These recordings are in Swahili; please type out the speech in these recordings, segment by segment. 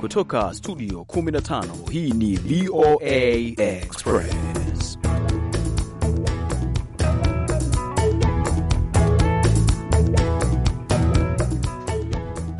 Kutoka studio 15 hii ni VOA Express.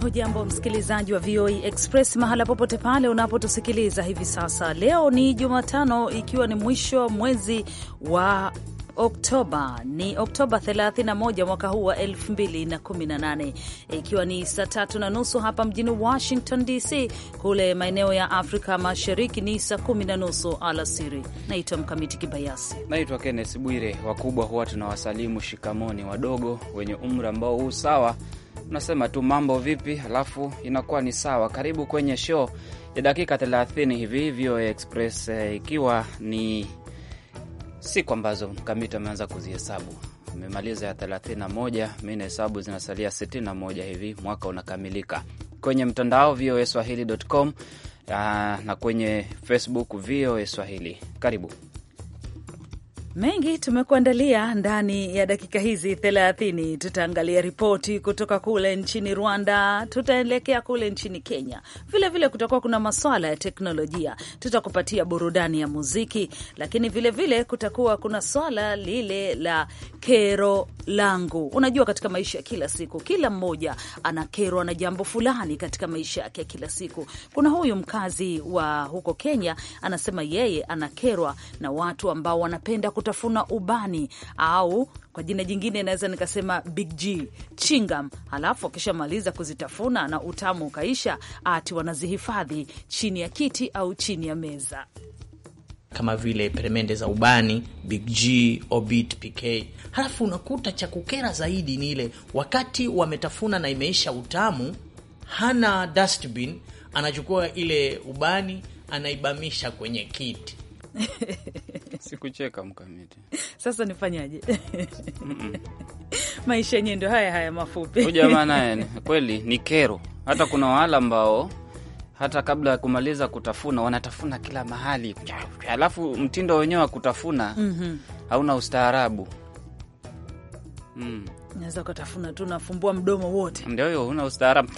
Hujambo msikilizaji wa VOA Express mahala popote pale unapotusikiliza hivi sasa. Leo ni Jumatano, ikiwa ni mwisho wa mwezi wa Oktoba ni Oktoba 31 mwaka huu wa 2018, ikiwa ni saa tatu na nusu hapa mjini Washington DC. Kule maeneo ya Afrika Mashariki ni saa kumi na nusu alasiri. Naitwa Mkamiti Kibayasi. Naitwa Kennes Bwire. Wakubwa huwa tunawasalimu shikamoni, wadogo wenye umri ambao huu sawa unasema tu mambo vipi, halafu inakuwa ni sawa. Karibu kwenye show ya dakika 30 hivi hivyo Express, eh, ikiwa ni siku ambazo mkamiti ameanza kuzihesabu amemaliza ya 31 mi na hesabu zinasalia 61 hivi mwaka unakamilika. Kwenye mtandao voa swahili.com ah, na kwenye Facebook voa swahili. Karibu. Mengi tumekuandalia ndani ya dakika hizi 30. Tutaangalia ripoti kutoka kule nchini Rwanda, tutaelekea kule nchini Kenya, vilevile kutakuwa kuna maswala ya teknolojia, tutakupatia burudani ya muziki, lakini vilevile vile kutakuwa kuna swala lile la kero langu. Unajua, katika maisha ya kila siku, kila mmoja anakerwa na jambo fulani katika maisha yake ya kila siku. Kuna huyu mkazi wa huko Kenya anasema yeye anakerwa na watu ambao wanapenda kutafuna ubani au kwa jina jingine naweza nikasema Big G chingam. alafu akishamaliza kuzitafuna na utamu ukaisha, ati wanazihifadhi chini ya kiti au chini ya meza kama vile peremende za ubani Big G, Obit, PK. Halafu unakuta cha kukera zaidi ni ile wakati wametafuna na imeisha utamu, hana dustbin, anachukua ile ubani anaibamisha kwenye kiti Sikucheka mkamiti. Sasa nifanyaje? Maisha yenyewe ndio haya haya mafupi. jamaa naye kweli ni kero. Hata kuna wala ambao hata kabla ya kumaliza kutafuna wanatafuna kila mahali, alafu mtindo wenyewe wa kutafuna mm -hmm. hauna ustaarabu mm naweza ukatafuna tu, nafumbua mdomo wote, ndio hiyo, una ustaarabu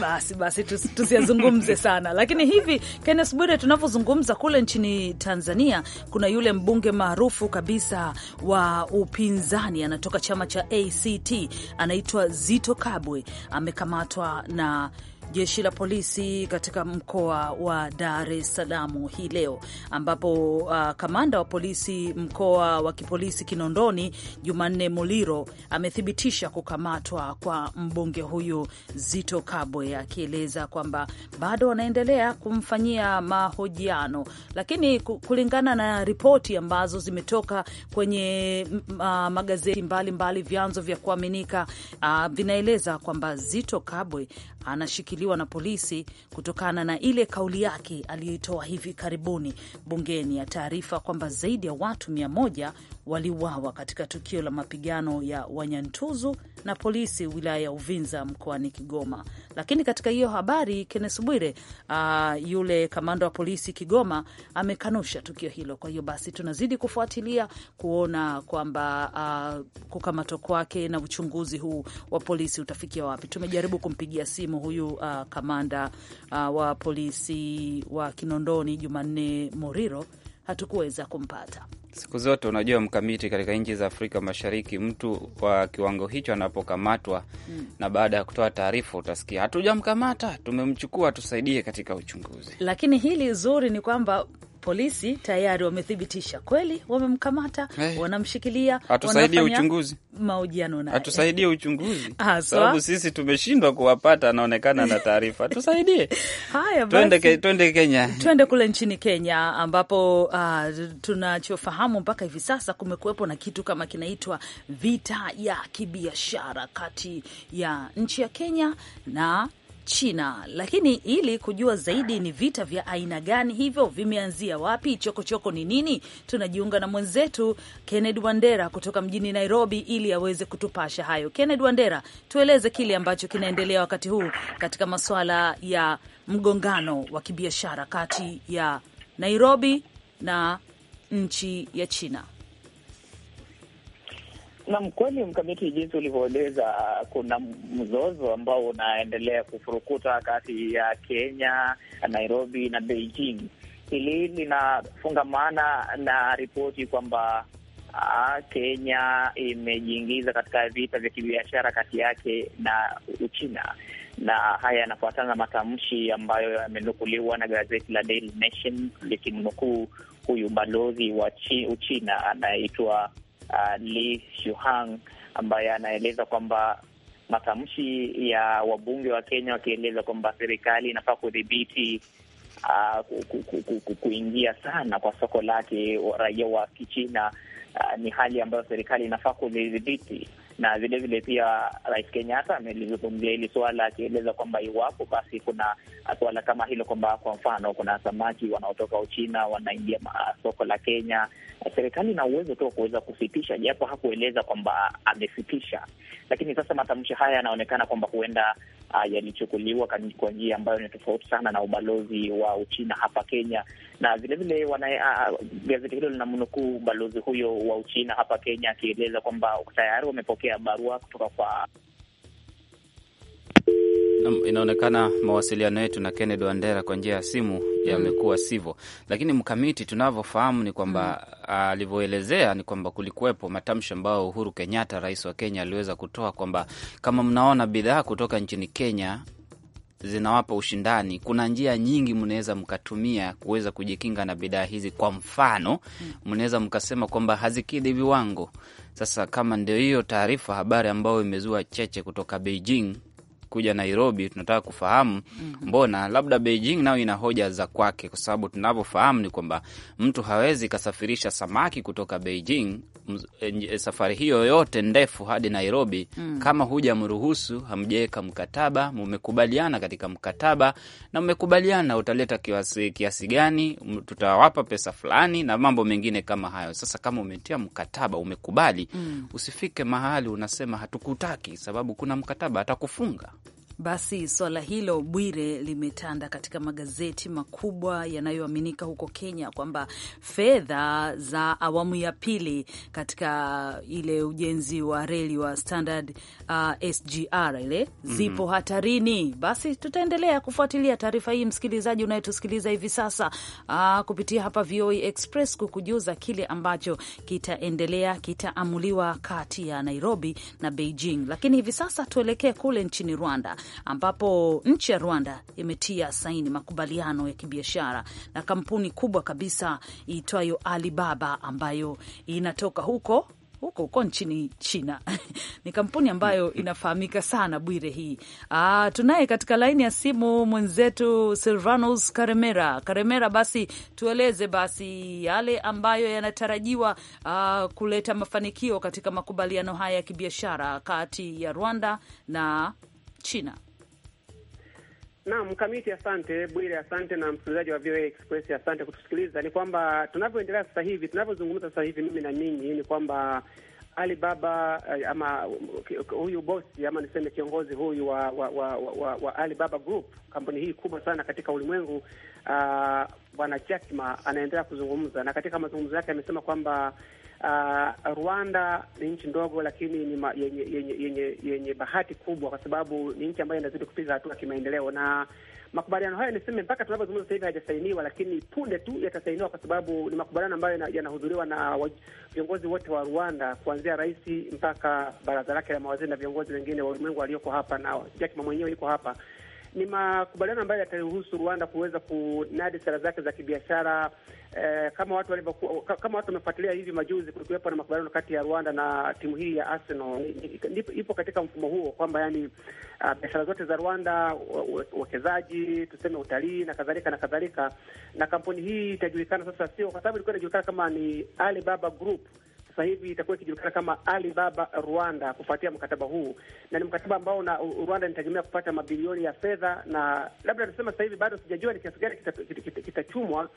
Basi basi tusiyazungumze sana, lakini hivi Kennes Bwire, tunavyozungumza kule nchini Tanzania, kuna yule mbunge maarufu kabisa wa upinzani anatoka chama cha ACT anaitwa Zito Kabwe, amekamatwa na jeshi la polisi katika mkoa wa Dar es Salaam hii leo, ambapo uh, kamanda wa polisi mkoa wa kipolisi Kinondoni Jumanne Muliro amethibitisha kukamatwa kwa mbunge huyu Zito Kabwe, akieleza kwamba bado wanaendelea kumfanyia mahojiano, lakini kulingana na ripoti ambazo zimetoka kwenye uh, magazeti mbalimbali, vyanzo vya kuaminika uh, vinaeleza kwamba Zito Kabwe anashikilia kushikiliwa na polisi kutokana na ile kauli yake aliyoitoa hivi karibuni bungeni ya taarifa kwamba zaidi ya watu mia moja waliuawa katika tukio la mapigano ya Wanyantuzu na polisi wilaya ya Uvinza mkoani Kigoma. Lakini katika hiyo habari, Kennes Bwire, uh, yule kamanda wa polisi Kigoma amekanusha tukio hilo. Kwa hiyo basi tunazidi kufuatilia kuona kwamba uh, kukamatwa kwake na uchunguzi huu wa polisi utafikia wapi. Tumejaribu kumpigia simu huyu uh, kamanda uh, wa polisi wa Kinondoni Jumanne Moriro, hatukuweza kumpata. Siku zote unajua mkamiti, katika nchi za Afrika Mashariki, mtu wa kiwango hicho anapokamatwa mm, na baada ya kutoa taarifa utasikia hatujamkamata, tumemchukua, tusaidie katika uchunguzi. Lakini hili zuri ni kwamba polisi tayari wamethibitisha kweli, wamemkamata hey, eh. wanamshikilia, atusaidie uchunguzi, mahojiano naye atusaidie uchunguzi, sababu sisi tumeshindwa kuwapata, anaonekana na taarifa tusaidie. Haya, twende Kenya, twende kule nchini Kenya ambapo uh, tunachofahamu mpaka hivi sasa kumekuwepo na kitu kama kinaitwa vita ya kibiashara kati ya nchi ya Kenya na China. Lakini ili kujua zaidi ni vita vya aina gani hivyo, vimeanzia wapi, chokochoko ni nini, tunajiunga na mwenzetu Kennedy Wandera kutoka mjini Nairobi ili aweze kutupasha hayo. Kennedy Wandera, tueleze kile ambacho kinaendelea wakati huu katika masuala ya mgongano wa kibiashara kati ya Nairobi na nchi ya China. Na mkweli mkamiti, jinsi ulivyoeleza, kuna mzozo ambao unaendelea kufurukuta kati ya Kenya, Nairobi na Beijing. Hili linafungamana na ripoti kwamba Kenya imejiingiza katika vita vya kibiashara kati yake na Uchina, na haya yanafuatana na matamshi ambayo yamenukuliwa na gazeti la Daily Nation likimnukuu huyu balozi wa Uchina anaitwa uh, Li Shuhang ambaye anaeleza kwamba matamshi ya wabunge wa Kenya wakieleza kwamba serikali inafaa kudhibiti uh, kuingia sana kwa soko lake raia wa Kichina uh, ni hali ambayo serikali inafaa kulidhibiti na vilevile pia Rais Kenyatta amelizungumzia hili swala akieleza kwamba iwapo basi kuna swala kama hilo, kwamba kwa mfano kuna samaki wanaotoka Uchina wanaingia soko la Kenya, serikali ina uwezo tu wa kuweza kusitisha, japo hakueleza kwamba amesitisha. Lakini sasa matamshi haya yanaonekana kwamba huenda ah, yalichukuliwa kwa njia ambayo ni tofauti sana na ubalozi wa Uchina hapa Kenya, na vilevile gazeti hilo linamnukuu balozi huyo wa Uchina hapa Kenya akieleza kwamba tayari wamepokea barua kutoka kwa Inaonekana mawasiliano yetu na Kennedy Wandera kwa njia ya simu yamekuwa hmm. sivyo, lakini mkamiti, tunavyofahamu ni kwamba hmm. alivyoelezea ni kwamba kulikuwepo matamshi ambayo Uhuru Kenyatta, rais wa Kenya, aliweza kutoa kwamba kama mnaona bidhaa kutoka nchini Kenya zinawapa ushindani, kuna njia nyingi mnaweza mkatumia kuweza kujikinga na bidhaa hizi. Kwa mfano, mnaweza mkasema kwamba hazikidhi viwango. Sasa kama ndio hiyo taarifa habari ambayo imezua cheche kutoka Beijing kuja Nairobi, tunataka kufahamu mhm. mbona mm -hmm. labda Beijing nayo ina hoja za kwake, kwa sababu tunavyofahamu ni kwamba mtu hawezi kasafirisha samaki kutoka Beijing eh, eh, safari hiyo yote ndefu hadi Nairobi mm. kama hujamruhusu, hamjaweka mkataba, mumekubaliana katika mkataba na mmekubaliana utaleta kiasi, kiasi gani, tutawapa pesa fulani na mambo mengine kama hayo. Sasa kama umetia mkataba, umekubali mm. usifike mahali unasema hatukutaki, sababu kuna mkataba, atakufunga. Basi swala hilo Bwire, limetanda katika magazeti makubwa yanayoaminika huko Kenya kwamba fedha za awamu ya pili katika ile ujenzi wa reli wa Standard uh, SGR ile zipo mm -hmm. hatarini. Basi tutaendelea kufuatilia taarifa hii, msikilizaji unayetusikiliza hivi sasa uh, kupitia hapa VOA e Express, kukujuza kile ambacho kitaendelea, kitaamuliwa kati ya Nairobi na Beijing. Lakini hivi sasa tuelekee kule nchini Rwanda ambapo nchi ya Rwanda imetia saini makubaliano ya kibiashara na kampuni kubwa kabisa iitwayo Alibaba ambayo inatoka huko huko huko nchini China. Ni kampuni ambayo inafahamika sana Bwire hii. Ah, tunaye katika laini ya simu mwenzetu Silvanus Karemera. Karemera, basi tueleze basi yale ambayo yanatarajiwa ah, kuleta mafanikio katika makubaliano haya ya kibiashara kati ya Rwanda na China. Naam, Mkamiti, asante Bwire, asante na msikilizaji wa VOA Express, asante kutusikiliza. Ni kwamba tunavyoendelea sasa hivi, tunavyozungumza sasa hivi mimi na nyinyi, ni kwamba Alibaba eh, ama uh, huyu bosi ama niseme kiongozi huyu wa wa, wa, wa, wa Alibaba Group, kampuni hii kubwa sana katika ulimwengu, ah, bwana uh, Jack Ma anaendelea kuzungumza, na katika mazungumzo yake amesema kwamba Uh, Rwanda ni nchi ndogo lakini yenye, yenye, yenye, yenye bahati kubwa kwa sababu ni nchi ambayo inazidi kupiga hatua kimaendeleo, na makubaliano hayo niseme, mpaka tunavyozungumza sasa hivi hayajasainiwa, lakini punde tu yatasainiwa, kwa sababu ni makubaliano ambayo yanahudhuriwa na viongozi wote wa Rwanda, kuanzia rais mpaka baraza lake la mawaziri na viongozi wengine wa ulimwengu walioko hapa, na Jakima mwenyewe yuko hapa ni makubaliano ambayo yataruhusu Rwanda kuweza kunadi sera zake za kibiashara eh, kama watu walivyokuwa, kama watu wamefuatilia hivi majuzi, kulikuwepo na makubaliano kati ya Rwanda na timu hii ya Arsenal. Ipo katika mfumo huo kwamba yani, uh, biashara zote za Rwanda, uwekezaji, tuseme utalii na kadhalika na kadhalika, na kampuni hii itajulikana sasa, sio kwa sababu ilikuwa inajulikana kama ni Alibaba Group sasa hivi itakuwa ikijulikana kama Alibaba Rwanda kufuatia mkataba huu, na ni mkataba ambao na Rwanda inategemea kupata mabilioni ya fedha, na labda tunasema sasa hivi bado sijajua ni kiasi gani kitachumwa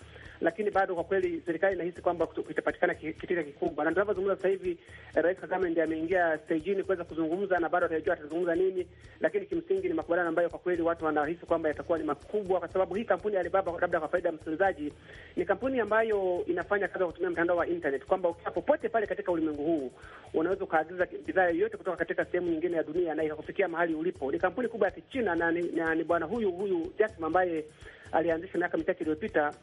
lakini bado kwa kweli serikali inahisi kwamba kitapatikana kitita kikubwa, na tunavyozungumza sasa hivi eh, Rais Kagame ndiye ameingia stejini kuweza kuzungumza, na bado atajua atazungumza nini, lakini kimsingi ni makubaliano ambayo kwa kweli watu wanahisi kwamba yatakuwa ni makubwa, kwa sababu hii kampuni ya Alibaba, labda kwa faida ya msikilizaji, ni kampuni ambayo inafanya kazi kwa kutumia mtandao wa internet, kwamba ukiwa popote pale katika ulimwengu huu, unaweza ukaagiza bidhaa yoyote kutoka katika sehemu nyingine ya dunia na ikakufikia mahali ulipo. Ni kampuni kubwa ya Kichina na ni, na ni bwana huyu huyu Jack Ma ambaye alianzisha miaka michache iliyopita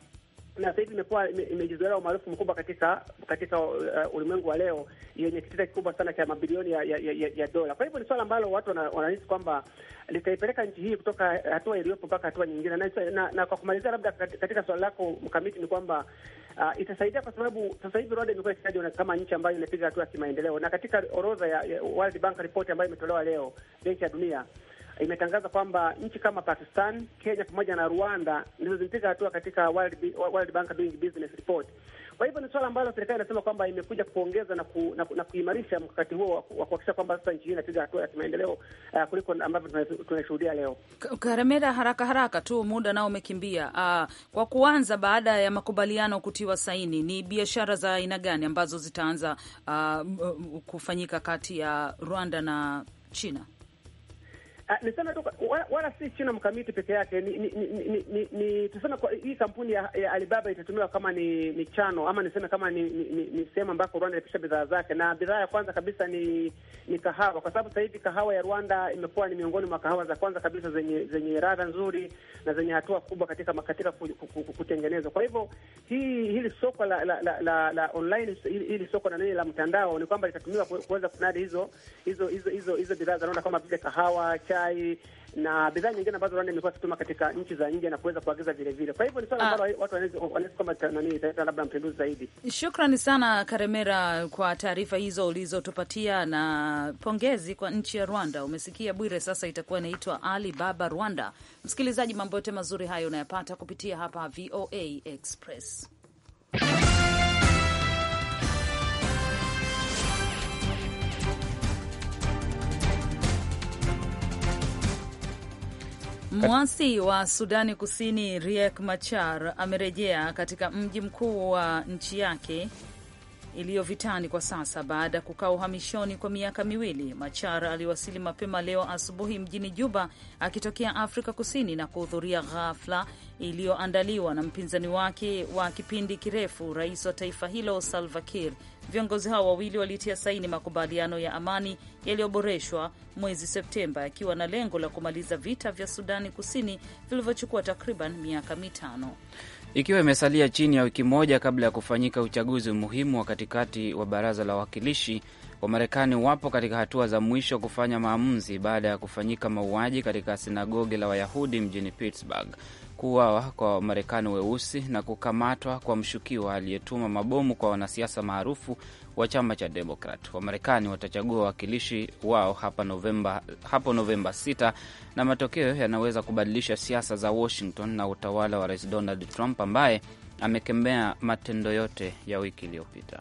na sasa hivi imekuwa imejizoelea umaarufu mkubwa katika katika uh, ulimwengu wa leo yenye kitita kikubwa sana cha mabilioni ya, ya, ya, ya dola. Kwa hivyo ni swala ambalo watu wanahisi kwamba litaipeleka nchi hii kutoka hatua iliyopo mpaka hatua nyingine. Na, na, na kwa kumalizia, labda katika swala lako mkamiti, ni kwamba uh, itasaidia kwa sababu sasa hivi Rwanda imekuwa ikitajwa kama nchi ambayo imepiga hatua ya kimaendeleo, na katika orodha ya, ya World Bank report ambayo imetolewa leo, Benki ya Dunia imetangaza kwamba nchi kama Pakistan, Kenya pamoja na Rwanda ndizo zimepiga hatua katika World, World Bank Doing Business report kwa hivyo ni swala ambalo serikali inasema kwamba imekuja kuongeza na, ku, na, na kuimarisha mkakati huo wa kuhakikisha kwamba sasa nchi hii inapiga hatua ya kimaendeleo uh, kuliko ambavyo tunashuhudia leo. Karemera, haraka haraka tu, muda nao umekimbia. Uh, kwa kuanza, baada ya makubaliano kutiwa saini, ni biashara za aina gani ambazo zitaanza uh, kufanyika kati ya Rwanda na China? Ah, niseme tu wala, wala si China mkamiti peke yake ni, ni, ni, ni, ni tuseme kwa hii kampuni ya, ya Alibaba itatumiwa kama ni, ni chano ama niseme kama ni, ni, ni, ni sehemu ambako Rwanda ilipisha bidhaa zake, na bidhaa ya kwanza kabisa ni ni kahawa, kwa sababu sasa hivi kahawa ya Rwanda imekuwa ni miongoni mwa kahawa za kwanza kabisa zenye zenye radha nzuri na zenye hatua kubwa katika katika kutengenezwa. Kwa hivyo hii hili soko la la, la, la, la online hili soko na nini la mtandao ni kwamba litatumiwa kuweza kunadi hizo hizo hizo hizo, hizo, hizo bidhaa za Rwanda kama vile kahawa cha chai na bidhaa nyingine ambazo Rwanda imekuwa ikituma katika nchi za nje na kuweza kuagiza vile vile. Kwa hivyo ni swala ah. ambalo watu wanaweza kwamba nani italeta labda mapinduzi zaidi. Shukrani sana Karemera kwa taarifa hizo ulizotupatia na pongezi kwa nchi ya Rwanda. Umesikia Bwire, sasa itakuwa inaitwa Ali Baba Rwanda. Msikilizaji, mambo yote mazuri hayo unayapata kupitia hapa VOA Express. Mwasi wa Sudani Kusini Riek Machar amerejea katika mji mkuu wa nchi yake iliyo vitani kwa sasa baada ya kukaa uhamishoni kwa miaka miwili. Machar aliwasili mapema leo asubuhi mjini Juba akitokea Afrika Kusini na kuhudhuria ghafla iliyoandaliwa na mpinzani wake wa kipindi kirefu, rais wa taifa hilo Salva Kiir. Viongozi hao wawili walitia saini makubaliano ya amani yaliyoboreshwa mwezi Septemba yakiwa na lengo la kumaliza vita vya Sudani Kusini vilivyochukua takriban miaka mitano. Ikiwa imesalia chini ya wiki moja kabla ya kufanyika uchaguzi muhimu wa katikati wa baraza la wawakilishi, Wamarekani wapo katika hatua za mwisho kufanya maamuzi baada ya kufanyika mauaji katika sinagogi la Wayahudi mjini Pittsburgh kuuawa kwa Wamarekani weusi na kukamatwa kwa mshukiwa aliyetuma mabomu kwa wanasiasa maarufu wa chama cha Demokrat. Wamarekani watachagua wawakilishi wao hapa Novemba, hapo Novemba 6 na matokeo yanaweza kubadilisha siasa za Washington na utawala wa Rais Donald Trump ambaye amekemea matendo yote ya wiki iliyopita.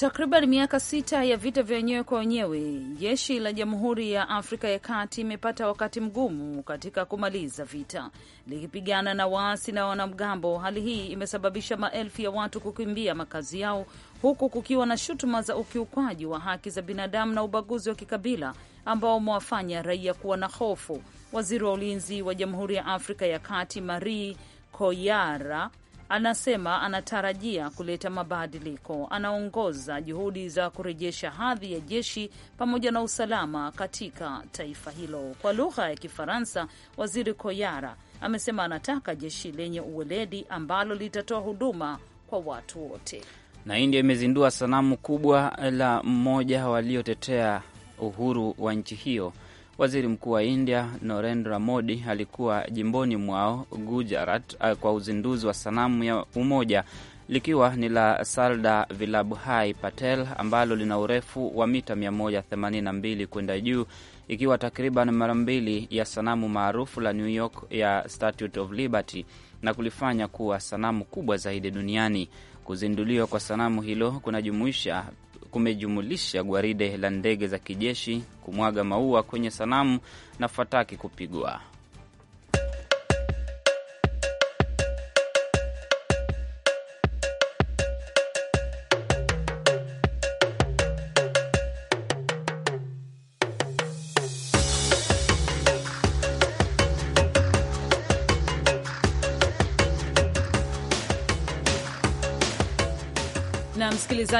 Takriban miaka sita ya vita vya wenyewe kwa wenyewe, jeshi la Jamhuri ya Afrika ya Kati imepata wakati mgumu katika kumaliza vita, likipigana na waasi na wanamgambo. Hali hii imesababisha maelfu ya watu kukimbia makazi yao, huku kukiwa na shutuma za ukiukwaji wa haki za binadamu na ubaguzi wa kikabila ambao umewafanya raia kuwa na hofu. Waziri wa ulinzi wa Jamhuri ya Afrika ya Kati Marie Koyara anasema anatarajia kuleta mabadiliko. Anaongoza juhudi za kurejesha hadhi ya jeshi pamoja na usalama katika taifa hilo. Kwa lugha ya Kifaransa, waziri Koyara amesema anataka jeshi lenye uweledi ambalo litatoa huduma kwa watu wote. Na India imezindua sanamu kubwa la mmoja waliotetea uhuru wa nchi hiyo Waziri Mkuu wa India Narendra Modi alikuwa jimboni mwao Gujarat eh, kwa uzinduzi wa sanamu ya umoja likiwa ni la Salda Vilabhai Patel ambalo lina urefu wa mita 182 kwenda juu, ikiwa takriban mara mbili ya sanamu maarufu la New York ya Statue of Liberty na kulifanya kuwa sanamu kubwa zaidi duniani. Kuzinduliwa kwa sanamu hilo kunajumuisha kumejumulisha gwaride la ndege za kijeshi kumwaga maua kwenye sanamu na fataki kupigwa.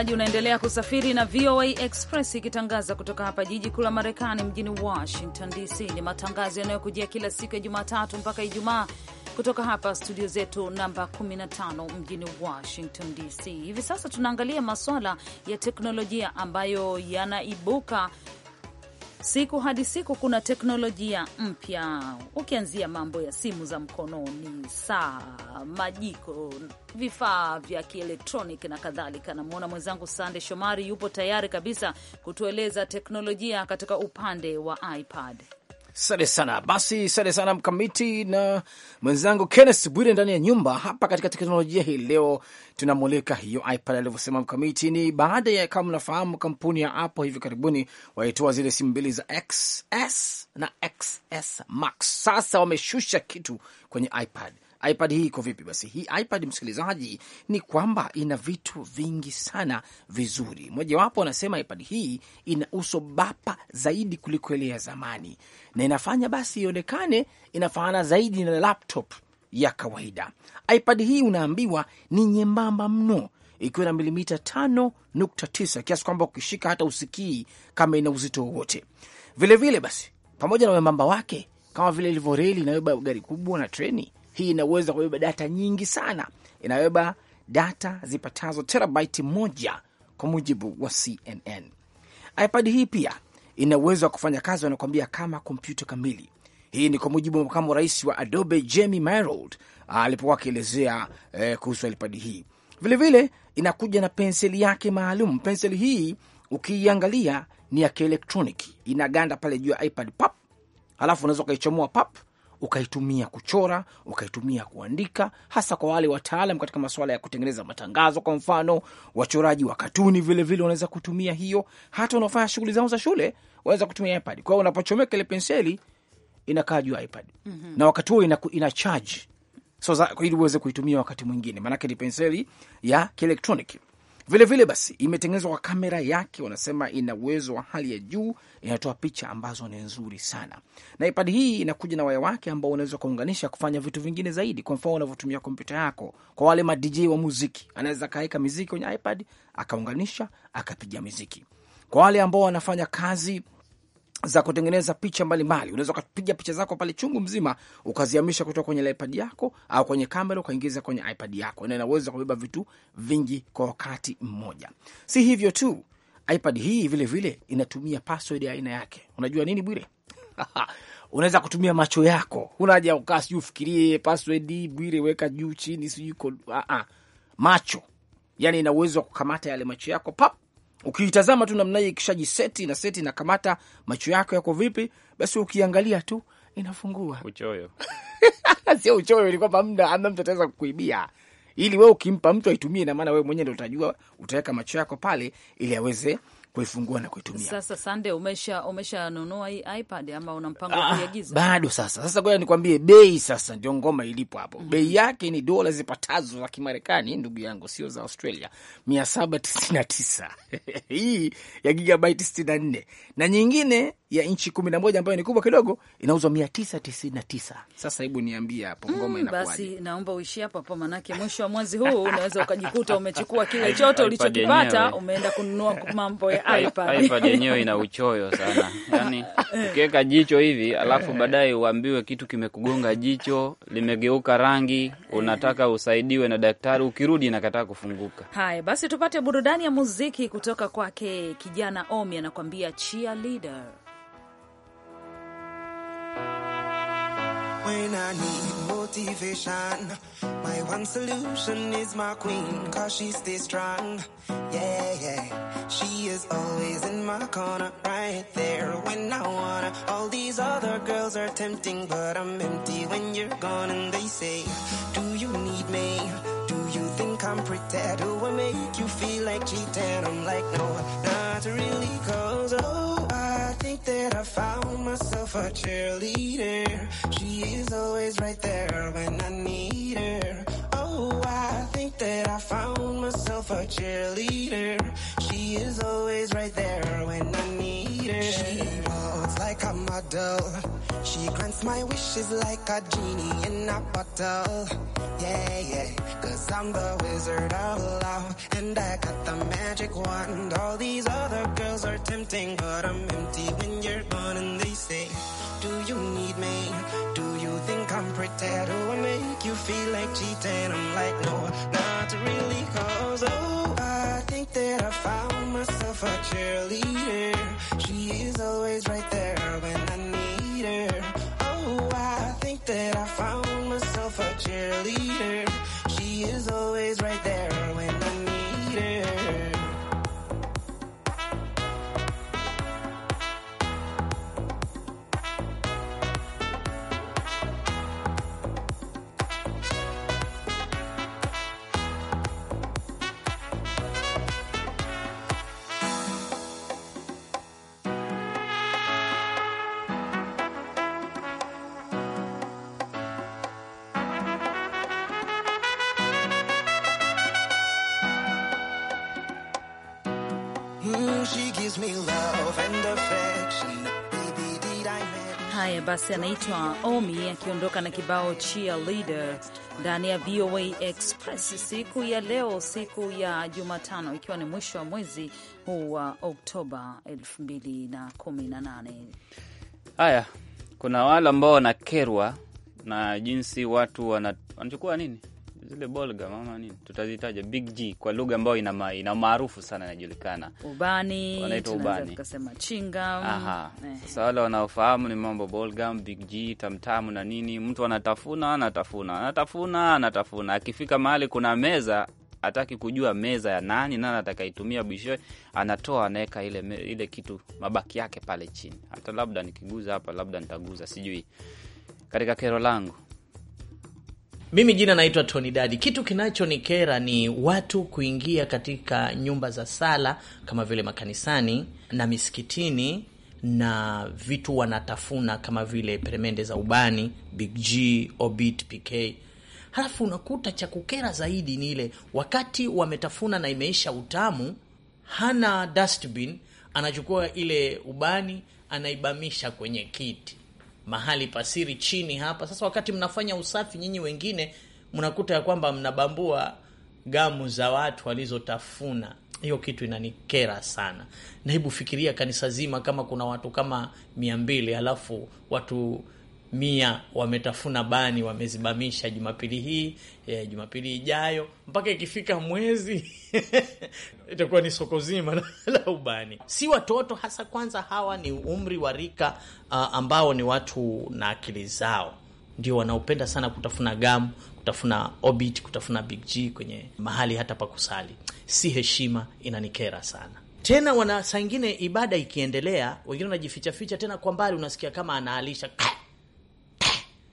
msikilizaji, unaendelea kusafiri na VOA Express ikitangaza kutoka hapa jiji kuu la Marekani, mjini Washington DC. Ni matangazo yanayokujia kila siku ya Jumatatu mpaka Ijumaa kutoka hapa studio zetu namba 15 mjini Washington DC. Hivi sasa tunaangalia masuala ya teknolojia ambayo yanaibuka Siku hadi siku kuna teknolojia mpya, ukianzia mambo ya simu za mkononi, saa, majiko, vifaa vya kielektroniki na kadhalika. Namwona mwenzangu Sande Shomari yupo tayari kabisa kutueleza teknolojia katika upande wa iPad sante sana basi, sante sana Mkamiti na mwenzangu Kenneth Bwire ndani ya nyumba hapa. Katika teknolojia hii leo tunamulika hiyo iPad alivyosema Mkamiti, ni baada ya kama unafahamu, kampuni ya Apple hivi karibuni waitoa zile simu mbili za XS na XS Max. Sasa wameshusha kitu kwenye iPad iPad hii iko vipi? Basi hii iPad msikilizaji, ni kwamba ina vitu vingi sana vizuri. Mojawapo anasema iPad hii ina uso bapa zaidi kuliko ile ya zamani, na inafanya basi ionekane inafanana zaidi na laptop ya kawaida. iPad hii unaambiwa ni nyembamba mno ikiwa na milimita tano nukta tisa kiasi kwamba ukishika hata usikii kama ina uzito wowote. Vilevile basi pamoja na wembamba wake kama vile ilivyo reli inayobeba gari kubwa na treni, hii inaweza kubeba data nyingi sana, inabeba data zipatazo terabaiti moja kwa mujibu wa CNN. iPad hii pia ina uwezo wa kufanya kazi, wanakuambia kama kompyuta kamili. Hii ni kwa mujibu wa makamu rais wa Adobe Jamie Myrold alipokuwa akielezea eh, kuhusu iPad hii. Vilevile inakuja na penseli yake maalum. Penseli hii ukiiangalia ni ya kielektroniki, inaganda pale juu ya iPad pap, halafu unaweza ukaichomoa pap ukaitumia kuchora, ukaitumia kuandika, hasa kwa wale wataalam katika masuala ya kutengeneza matangazo. Kwa mfano, wachoraji wa katuni vilevile wanaweza kutumia hiyo, hata wanaofanya shughuli zao za shule wanaweza kutumia iPad. Kwa hiyo unapochomeka ile penseli inakaa juu ya iPad mm -hmm. na wakati huo ina, ina charge so ili uweze kuitumia wakati mwingine, maanake ni penseli ya kielektroniki. Vilevile vile basi imetengenezwa kwa kamera yake, wanasema ina uwezo wa hali ya juu, inatoa picha ambazo ni nzuri sana, na iPad hii inakuja na waya wake ambao unaweza kuunganisha kufanya vitu vingine zaidi. Kwa mfano unavyotumia kompyuta yako, kwa wale ma DJ wa muziki, anaweza kaweka muziki kwenye iPad akaunganisha akapiga muziki. Kwa wale ambao wanafanya kazi za kutengeneza picha mbalimbali. Unaweza ukapiga picha zako pale chungu mzima, ukazihamisha kutoka kwenye iPad yako au kwenye kamera ukaingiza kwenye iPad yako, na inaweza kubeba vitu vingi kwa wakati mmoja. Si hivyo tu, iPad hii vilevile vile inatumia password ya aina yake. Unajua nini Bwire? Unaweza kutumia macho yako, unaja ukaa sijui ufikirie password Bwire, weka juu chini, sijui ah, ah. macho, yani ina uwezo wa kukamata yale macho yako pap ukiitazama tu namna hii seti na seti na kamata macho yako yako vipi, basi ukiangalia tu inafungua uchoyo. Sio uchoyo, ni kwamba mda amna mtu ataweza kukuibia, ili we ukimpa mtu aitumie, na maana wewe mwenyewe ndo utajua utaweka macho yako pale ili aweze kuifungua na kuitumia. Sasa Sande, umesha umeshanunua hii iPad ama una mpango wa ah, kuiagiza? Bado sasa. Sasa ngoja nikwambie bei, sasa ndio ngoma ilipo hapo. mm -hmm. Bei yake ni dola zipatazo za Kimarekani, ndugu yangu, sio za Australia, 799 hii ya gigabyte 64 na nyingine ya nchi kumi na moja ambayo ni kubwa kidogo inauzwa mia tisa tisini na tisa. Sasa hebu niambie hapo mm, ngoma mm, inakuwaje? Basi naomba uishie hapo hapo, manake mwisho wa mwezi huu unaweza ukajikuta umechukua kile chote ulichokipata umeenda kununua mambo ya iPad. iPad yenyewe ina uchoyo sana, yani eh. ukiweka jicho hivi alafu baadaye uambiwe kitu kimekugonga jicho, limegeuka rangi, eh. unataka usaidiwe na daktari, ukirudi inakataa kufunguka. Haya basi, tupate burudani ya muziki kutoka kwake kijana Omi, anakuambia cheerleader. when I need motivation. My one solution is my queen, cause she stays strong. Yeah, yeah. She is always in my corner, right there when I wanna. All these other girls are tempting, but I'm empty when you're gone and they say, Do you need me? Do you think I'm pretty? Do I make you feel like cheating? I'm like, no, not really, cause oh think that I found myself a cheerleader. She is always right there when I need her. I think that I found myself a cheerleader. She is always right there when I need her. She walks like a model. She grants my wishes like a genie in a bottle. Yeah, yeah. Cause I'm the wizard of love. And I got the magic wand. All these other girls are tempting, but I'm empty when you're gone and they say, do you need me? Do you think I'm prettier? Do I make you feel like cheating? I'm like, no, not really, cause oh, I think that I found myself a cheerleader. She is always right there when I need her. Oh, I think that I found myself a cheerleader. She is always right there when I need her. Haya basi, anaitwa Omi akiondoka na kibao leader ndani ya VOA Express siku ya leo, siku ya Jumatano, ikiwa ni mwisho wa mwezi huu wa Oktoba 2018. Haya, kuna wale ambao wanakerwa na jinsi watu wanachukua nini zile bolga mama nini tutazitaja Big G kwa lugha ambayo ina ina maarufu sana inajulikana, ubani wanaitwa ubani, tukasema chinga. Aha, eh. sasa wale wanaofahamu ni mambo bolga, Big G, tamtamu na nini. Mtu anatafuna anatafuna anatafuna anatafuna, akifika mahali kuna meza ataki kujua meza ya nani, nani atakaitumia. Bishoe anatoa anaweka ile, ile kitu mabaki yake pale chini, hata labda nikiguza hapa, labda nitaguza sijui katika kero langu mimi jina naitwa Tony Dadi. Kitu kinachonikera ni watu kuingia katika nyumba za sala kama vile makanisani na misikitini na vitu wanatafuna kama vile peremende za ubani, Big G, Obit, PK. Halafu unakuta cha kukera zaidi ni ile wakati wametafuna na imeisha utamu, hana dustbin, anachukua ile ubani anaibamisha kwenye kiti mahali pasiri chini hapa. Sasa wakati mnafanya usafi nyinyi wengine mnakuta ya kwamba mnabambua gamu za watu walizotafuna. Hiyo kitu inanikera sana, na hebu fikiria kanisa zima, kama kuna watu kama mia mbili alafu watu mia wametafuna bani, wamezibamisha Jumapili hii eh, Jumapili ijayo mpaka ikifika mwezi itakuwa ni soko zima la ubani. Si watoto hasa, kwanza hawa ni umri wa rika uh, ambao ni watu na akili zao ndio wanaopenda sana kutafuna gamu, kutafuna obit, kutafuna big G kwenye mahali hata pa kusali. Si heshima, inanikera sana tena. Wana saa ingine ibada ikiendelea, wengine wanajifichaficha tena kwa mbali, unasikia kama anaalisha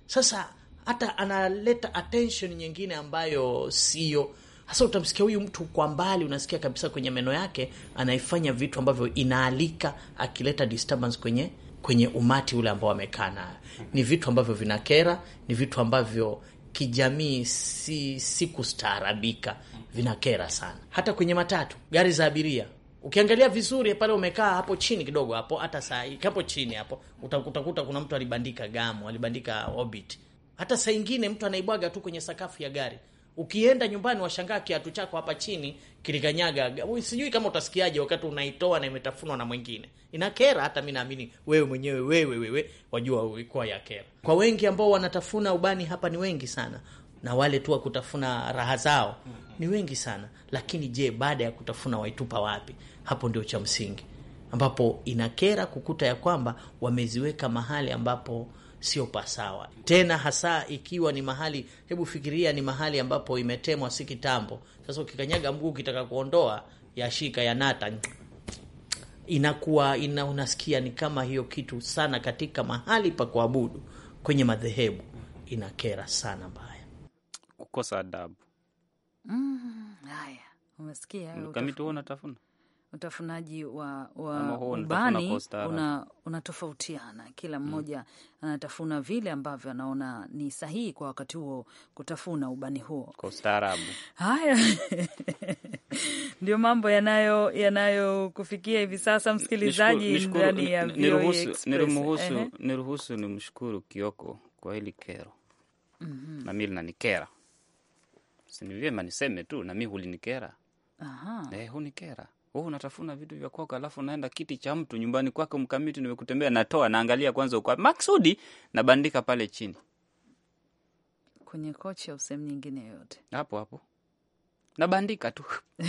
sasa hata analeta attention nyingine ambayo siyo hasa. Utamsikia huyu mtu kwa mbali, unasikia kabisa kwenye meno yake anaifanya vitu ambavyo inaalika, akileta disturbance kwenye kwenye umati ule ambao amekaa nayo. Ni vitu ambavyo vinakera, ni vitu ambavyo kijamii si si kustaarabika, vinakera sana. Hata kwenye matatu, gari za abiria, Ukiangalia vizuri pale umekaa hapo chini kidogo hapo hata saa hapo chini hapo utakuta kuna mtu alibandika gamu, alibandika orbit. Hata saa ingine mtu anaibwaga tu kwenye sakafu ya gari. Ukienda nyumbani washangaa kiatu chako hapa chini kilikanyaga. Sijui kama utasikiaje wakati unaitoa na imetafunwa na mwingine. Inakera hata mimi naamini wewe mwenyewe wewe wewe wajua ulikuwa ya kera. Kwa wengi ambao wanatafuna ubani hapa ni wengi sana na wale tu wa kutafuna raha zao ni wengi sana. Lakini je, baada ya kutafuna waitupa wapi? hapo ndio cha msingi, ambapo inakera kukuta ya kwamba wameziweka mahali ambapo sio pasawa tena, hasa ikiwa ni mahali, hebu fikiria, ni mahali ambapo imetemwa si kitambo. Sasa ukikanyaga mguu ukitaka kuondoa yashika yanata, inakuwa ina, unasikia ni kama hiyo kitu sana. Katika mahali pa kuabudu kwenye madhehebu inakera sana, mbaya kukosa adabu. Mm, haya umesikia, unatafuna utafunaji wa, wa ubani unatofautiana, kila mm. mmoja mm, anatafuna vile ambavyo anaona ni sahihi kwa wakati huo kutafuna ubani huo kwa ustaarabu. Haya, ndio mambo yanayo yanayokufikia hivi sasa, msikilizaji, ndani ya e niruhusu ni mshukuru Kioko kwa hili kero mm -hmm. Nami linanikera, si ni vyema niseme tu, nami hulinikera, eh, hunikera Oh, unatafuna vitu vya kwako, alafu unaenda kiti cha mtu nyumbani kwako, mkamiti nimekutembea, natoa naangalia kwanza uko maksudi, nabandika pale chini kwenye kocha au sehemu nyingine yoyote, hapo hapo nabandika tu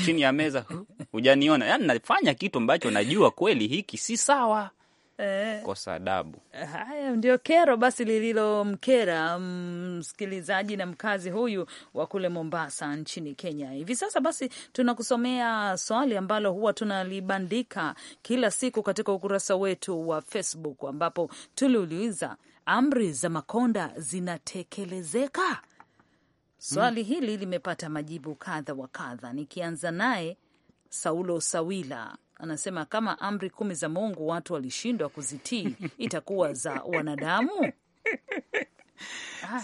chini ya meza, hujaniona. Yani nafanya kitu ambacho najua kweli hiki si sawa. Eh. kosa adabu. Haya ndio kero basi lililomkera msikilizaji na mkazi huyu wa kule Mombasa nchini Kenya. Hivi sasa basi tunakusomea swali ambalo huwa tunalibandika kila siku katika ukurasa wetu wa Facebook ambapo tuliuliza amri za Makonda zinatekelezeka? Swali hmm, hili limepata majibu kadha wa kadha, nikianza naye Saulo Sawila anasema kama amri kumi za Mungu watu walishindwa kuzitii, itakuwa za wanadamu?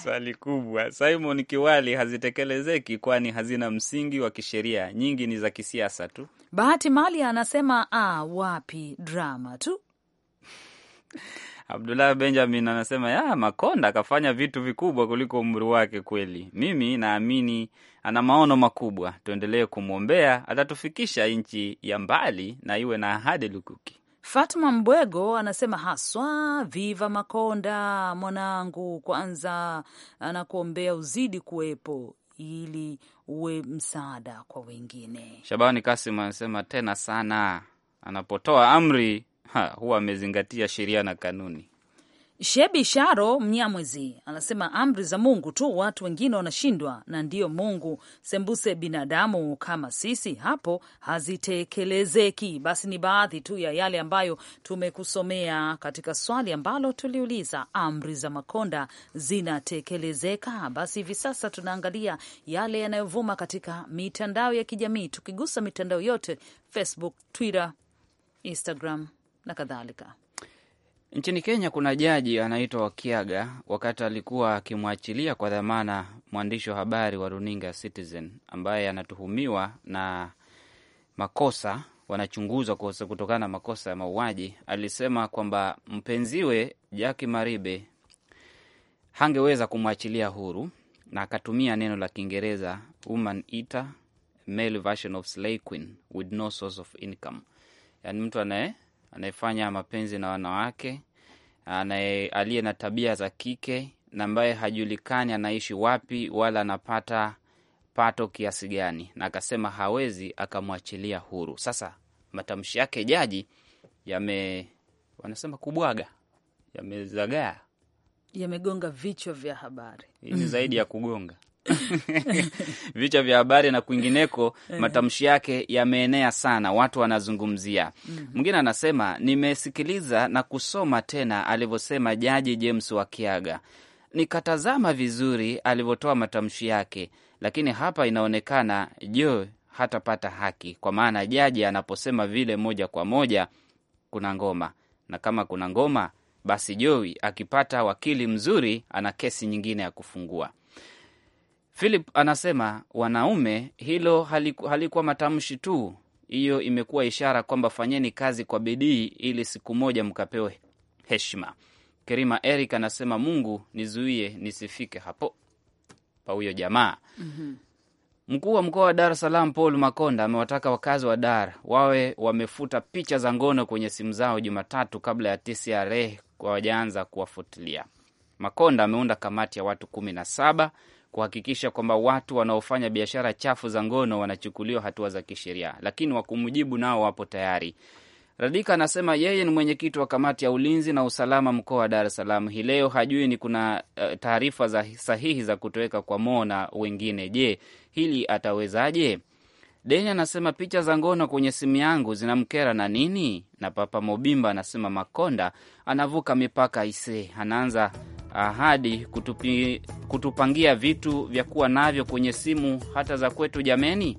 Swali kubwa. Simon Kiwali, hazitekelezeki kwani hazina msingi wa kisheria, nyingi ni za kisiasa tu. Bahati Malia anasema ah, wapi drama tu Abdullah Benjamin anasema ya Makonda akafanya vitu vikubwa kuliko umri wake. Kweli mimi naamini ana maono makubwa, tuendelee kumwombea, atatufikisha nchi ya mbali na iwe na ahadi lukuki. Fatma Mbwego anasema haswa, viva Makonda mwanangu, kwanza anakuombea uzidi kuwepo ili uwe msaada kwa wengine. Shabani Kasim anasema tena sana, anapotoa amri ha, huwa amezingatia sheria na kanuni. Shebi Sharo Mnyamwezi anasema amri za Mungu tu watu wengine wanashindwa, na ndiyo Mungu sembuse binadamu kama sisi, hapo hazitekelezeki. Basi ni baadhi tu ya yale ambayo tumekusomea katika swali ambalo tuliuliza, amri za Makonda zinatekelezeka? Basi hivi sasa tunaangalia yale yanayovuma katika mitandao ya kijamii, tukigusa mitandao yote, Facebook, Twitter, Instagram na kadhalika. Nchini Kenya kuna jaji anaitwa Wakiaga, wakati alikuwa akimwachilia kwa dhamana mwandishi wa habari wa runinga Citizen ambaye anatuhumiwa na makosa, wanachunguzwa kutokana na makosa ya mauaji, alisema kwamba mpenziwe Jaki Maribe hangeweza kumwachilia huru, na akatumia neno la Kiingereza woman eater, male version of queen with no source of income, yaani mtu anaye anayefanya mapenzi na wanawake, aliye na tabia za kike na ambaye hajulikani anaishi wapi wala anapata pato kiasi gani, na akasema hawezi akamwachilia huru. Sasa matamshi yake jaji yame wanasema kubwaga, yamezagaa, yamegonga vichwa vya habari. ni zaidi ya kugonga vichwa vya habari na kwingineko, matamshi yake yameenea sana, watu wanazungumzia. Mhm. Mwingine anasema nimesikiliza na kusoma tena alivyosema Jaji James Wakiaga, nikatazama vizuri alivyotoa matamshi yake, lakini hapa inaonekana Jo hatapata haki, kwa maana jaji anaposema vile moja kwa moja kuna ngoma, na kama kuna ngoma basi Joi akipata wakili mzuri ana kesi nyingine ya kufungua. Philip anasema wanaume, hilo haliku, halikuwa matamshi tu, hiyo imekuwa ishara kwamba fanyeni kazi kwa bidii ili siku moja mkapewe heshima. Kerima Eric anasema Mungu nizuie nisifike hapo pa huyo jamaa. mm -hmm. Mkuu wa mkoa wa Dar es Salaam Paul Makonda amewataka wakazi wa Dar wawe wamefuta picha za ngono kwenye simu zao Jumatatu kabla ya TCRA wajaanza kuwafuatilia. Makonda ameunda kamati ya watu kumi na saba kuhakikisha kwamba watu wanaofanya biashara chafu za ngono wanachukuliwa hatua za kisheria, lakini wakumjibu nao wapo tayari. Radika anasema yeye ni mwenyekiti wa kamati ya ulinzi na usalama mkoa wa Dar es Salaam. Hii leo hajui ni kuna uh, taarifa za sahihi za kutoweka kwa Mo na wengine. Je, hili atawezaje? Deni anasema picha za ngono kwenye simu yangu zinamkera na nini? Na Papa Mobimba anasema Makonda anavuka mipaka ise, anaanza ahadi kutupi, kutupangia vitu vya kuwa navyo kwenye simu hata za kwetu jameni.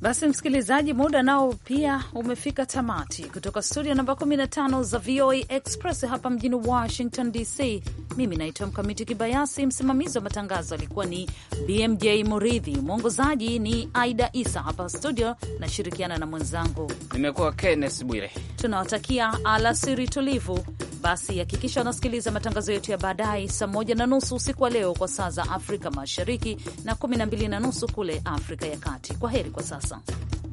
Basi msikilizaji, muda nao pia umefika tamati. Kutoka studio namba 15 za VOA Express hapa mjini Washington DC, mimi naitwa Mkamiti Kibayasi. Msimamizi wa matangazo alikuwa ni BMJ Muridhi, mwongozaji ni Aida Isa. Hapa studio nashirikiana na mwenzangu, nimekuwa Kenneth Bwire. Tunawatakia alasiri tulivu. Basi hakikisha unasikiliza matangazo yetu ya baadaye saa moja na nusu usiku wa leo kwa saa za Afrika Mashariki na 12 na nusu kule Afrika ya Kati. Kwa heri kwa sasa sasa.